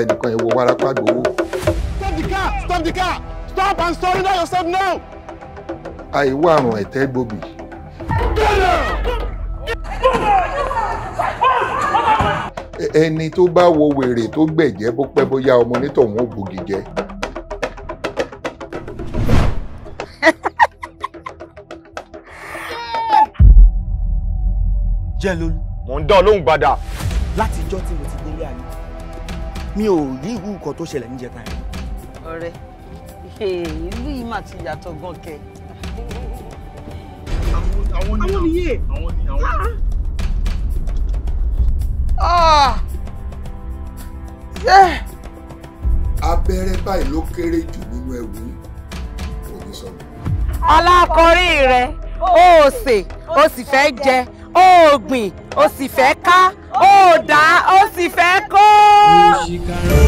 ẹnìkan ẹ wo warapa gbowó. stop the car stop the car stop and surrender yourself now. àìwá àrùn ẹ̀tẹ́ gbòbì. ẹni tó bá wo wèrè tó gbẹ̀jẹ́ bó pẹ́ bóyá ọmọ onítọ̀hún ò bògì jẹ. jẹ́ lólu. mò ń dán lóhùn padà. látijọ́ tí mo ti délé ayé mi ò rí irú nǹkan tó ṣẹlẹ̀ níjẹta yẹn. ọ̀rẹ́ ìlú yìí mà ti yàtọ̀ gan kẹ. àwọn nìyẹn àwọn ni àwọn. Ah! Ah! abẹ́rẹ́ báyìí ló kéré jù nínú ẹ̀wù kò sọ. alákọ̀rí rẹ ó sè ó sì fẹ́ jẹ ó gbìn ó sì fẹ́ ká ó dá ó sì fẹ́ kó. 旗杆。